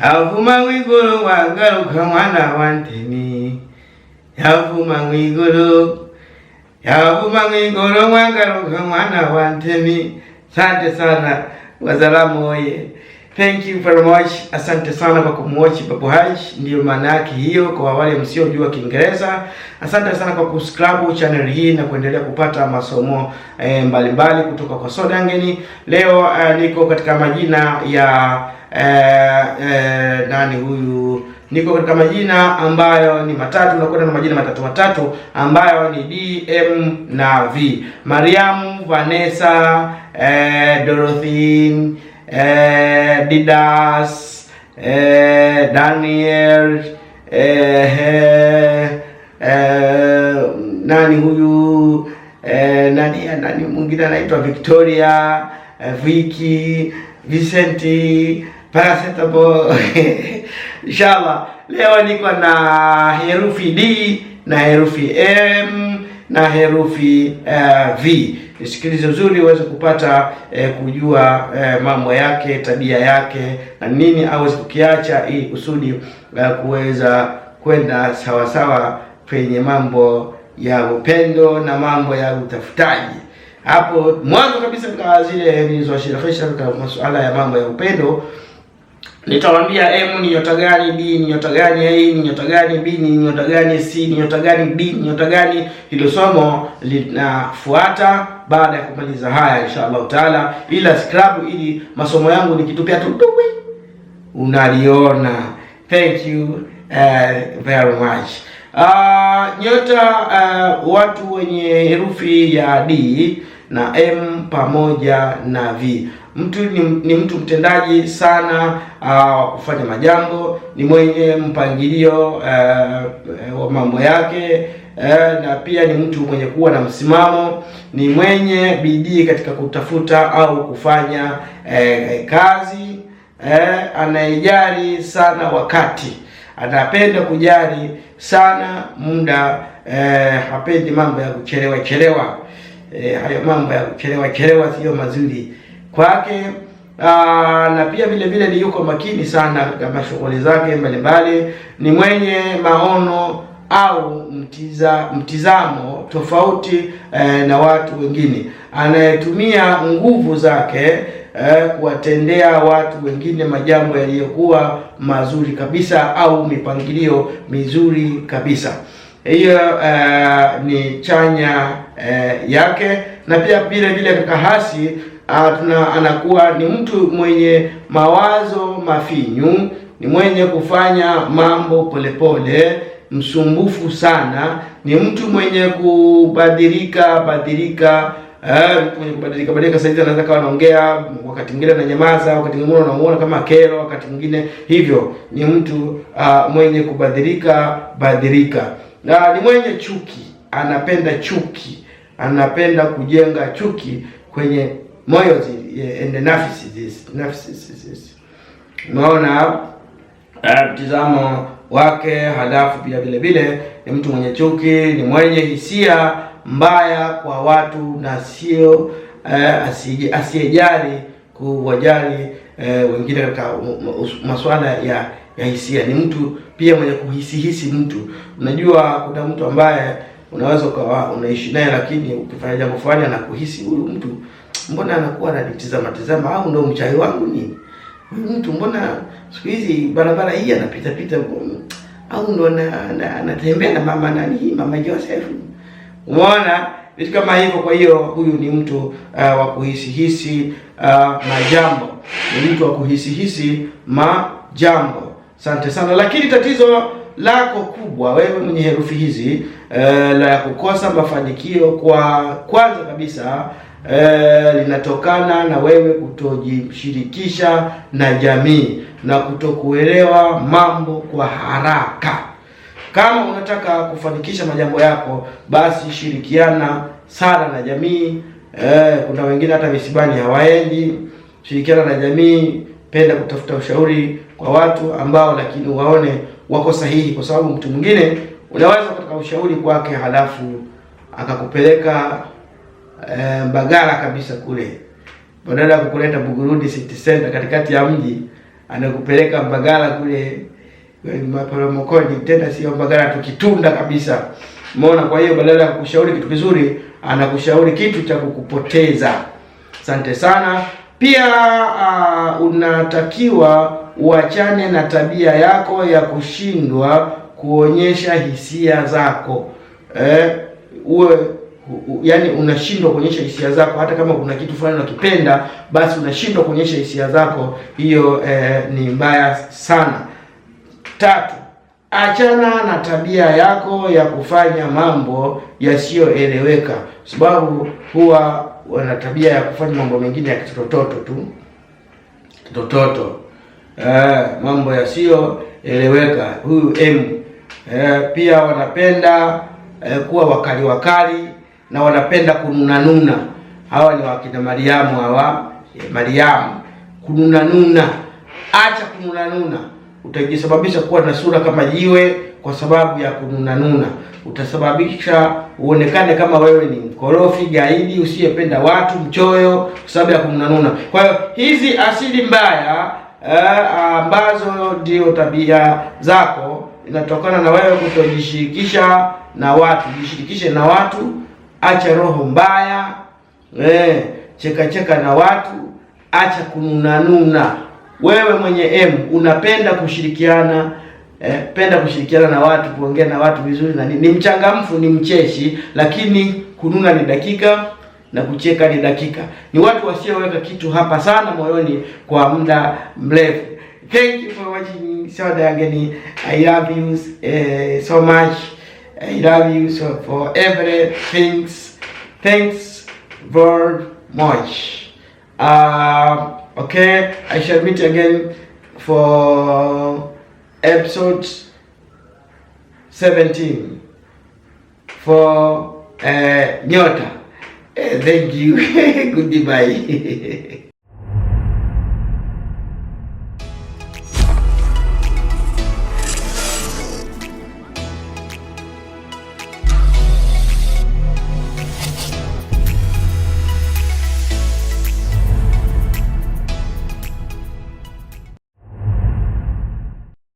yavuma mw'iguru wagaruka mwana wa ntemi yavuma mw'iguru yavuma mw'iguru wagaruka mwana wa ntemi. Asante sana wazalamu oye, thank you very much. Asante sana kwa kumwochi Babu Haji, ndiyo maana yake hiyo kwa wale msiojua Kiingereza. Asante sana kwa kusubscribe channel hii na kuendelea kupata masomo eh, mbalimbali eh, mbali kutoka kwa Sodangeni. Leo eh, niko katika majina ya eh, eh, nani huyu niko katika majina ambayo ni matatu nakwenda na majina matatu matatu ambayo ni D, M na V: Mariam, Vanessa, eh, Dorothy, eh, Didas, eh, Daniel, eh, eh, eh, nani huyu eh, nani nani mwingine anaitwa Victoria, eh, Vicky, Vicenti paracetamol inshallah. Leo niko na herufi D na herufi M na herufi uh, V. Nisikilize uzuri uweze kupata eh, kujua eh, mambo yake, tabia yake na nini aweze kukiacha, ili kusudi uh, kuweza kwenda sawasawa kwenye mambo ya upendo na mambo ya utafutaji. Hapo mwanzo kabisa kwa zile nilizowashirikisha katika masuala ya mambo ya upendo nitawambia m eh, ni nyota gani, b ni nyota gani, a ni nyota gani, b ni nyota gani, c ni nyota gani, d ni nyota gani. Hilo somo linafuata baada ya kumaliza haya insha allahu taala, ila scrub ili masomo yangu nikitupia tu tuwi unaliona. Thank you uh, very much. Uh, nyota uh, watu wenye herufi ya D na M pamoja na V. Mtu ni, ni mtu mtendaji sana ah, wa uh, kufanya majambo, ni mwenye mpangilio uh, wa mambo yake uh, na pia ni mtu mwenye kuwa na msimamo, ni mwenye bidii katika kutafuta au kufanya uh, kazi uh, anayejali sana wakati Anapenda kujali sana muda eh, hapendi mambo ya kuchelewa chelewa. Eh, hayo mambo ya kuchelewa chelewa sio mazuri kwake. Aa, ah, na pia vile vile ni yuko makini sana katika shughuli zake mbalimbali, ni mwenye maono au mtiza, mtizamo tofauti eh, na watu wengine, anayetumia nguvu zake eh, kuwatendea watu wengine majambo yaliyokuwa mazuri kabisa au mipangilio mizuri kabisa. Hiyo eh, ni chanya eh, yake, na pia vile vile katika hasi atuna, ah, anakuwa ni mtu mwenye mawazo mafinyu, ni mwenye kufanya mambo polepole pole, msumbufu sana, ni mtu mwenye kubadilika badilika eh, mwenye kubadilika badilika. Saa hizi anaweza kawa anaongea, wakati mwingine ananyamaza, wakati mwingine unamuona kama kero, wakati mwingine hivyo. Ni mtu uh, mwenye kubadilika badilika. Na ni mwenye chuki, anapenda chuki, anapenda kujenga chuki kwenye moyo eh, and nafsi. Unaona mtizamo wake. Halafu pia vile vile ni mtu mwenye chuki, ni mwenye hisia mbaya kwa watu na sio eh, asiyejali kuwajali eh, wengine katika masuala ya, ya hisia. Ni mtu pia mwenye kuhisihisi mtu. Unajua kuna mtu ambaye unaweza ukawa unaishi naye, lakini ukifanya jambo fulani na kuhisi huyu mtu mbona anakuwa ananitizama tizama, au ndio mchawi wangu nini? mtu mbona siku hizi barabara hii anapita pita huko, au ndo anatembea na mama nani, mama Joseph. Umeona vitu kama hivyo. Kwa hiyo huyu ni mtu uh, wa kuhisihisi uh, majambo, ni mtu wa kuhisihisi majambo. Asante sana, lakini tatizo lako kubwa wewe mwenye herufi hizi uh, la kukosa mafanikio kwa kwanza kabisa e, linatokana na wewe kutojishirikisha na jamii na kutokuelewa mambo kwa haraka. Kama unataka kufanikisha majambo yako, basi shirikiana sana na jamii. E, kuna wengine hata misibani hawaendi. Shirikiana na jamii, penda kutafuta ushauri kwa watu ambao lakini waone wako sahihi, kwa sababu mtu mwingine unaweza kutaka ushauri kwake halafu akakupeleka Eh, mbagala kabisa kule, badala ya kukuleta Buguruni city center katikati ya mji, anakupeleka mbagala kule eh, maporomokoni, tena sio tu, tukitunda kabisa, umeona. Kwa hiyo badala ya kukushauri kitu kizuri, anakushauri kitu cha kukupoteza. Asante sana. Pia uh, unatakiwa uachane na tabia yako ya kushindwa kuonyesha hisia zako eh, uwe yaani unashindwa kuonyesha hisia zako, hata kama kuna kitu fulani unakipenda, basi unashindwa kuonyesha hisia zako. Hiyo eh, ni mbaya sana. Tatu, achana na tabia yako ya kufanya mambo yasiyoeleweka, sababu huwa wana tabia ya kufanya mambo mengine ya kitototo tu kitototo, eh, mambo yasiyoeleweka. Huyu M eh, pia wanapenda eh, kuwa wakali wakali na wanapenda kununanuna. Hawa ni wakina Mariamu hawa e, Mariamu kununanuna. Acha kununanuna, utajisababisha kuwa na sura kama jiwe kwa sababu ya kununanuna. Utasababisha uonekane kama wewe ni mkorofi, gaidi, usiyependa watu, mchoyo, kwa sababu ya kununanuna. Kwa hiyo hizi asili mbaya eh, ambazo ndio tabia zako inatokana na wewe kutojishirikisha na watu. Jishirikishe na watu acha roho mbaya eh, cheka cheka na watu, acha kununanuna. Wewe mwenye M unapenda kushirikiana eh, penda kushirikiana na watu, kuongea na watu vizuri na ni mchangamfu, ni mcheshi, lakini kununa ni dakika na kucheka ni dakika. Ni watu wasioweka kitu hapa sana moyoni kwa muda mrefu. Thank you for watching. So again, I love you eh, so much. I love you so for everything. Thanks very much. Uh, um, okay, I shall meet again for episode 17 for uh, Nyota. Uh, thank you. Goodbye.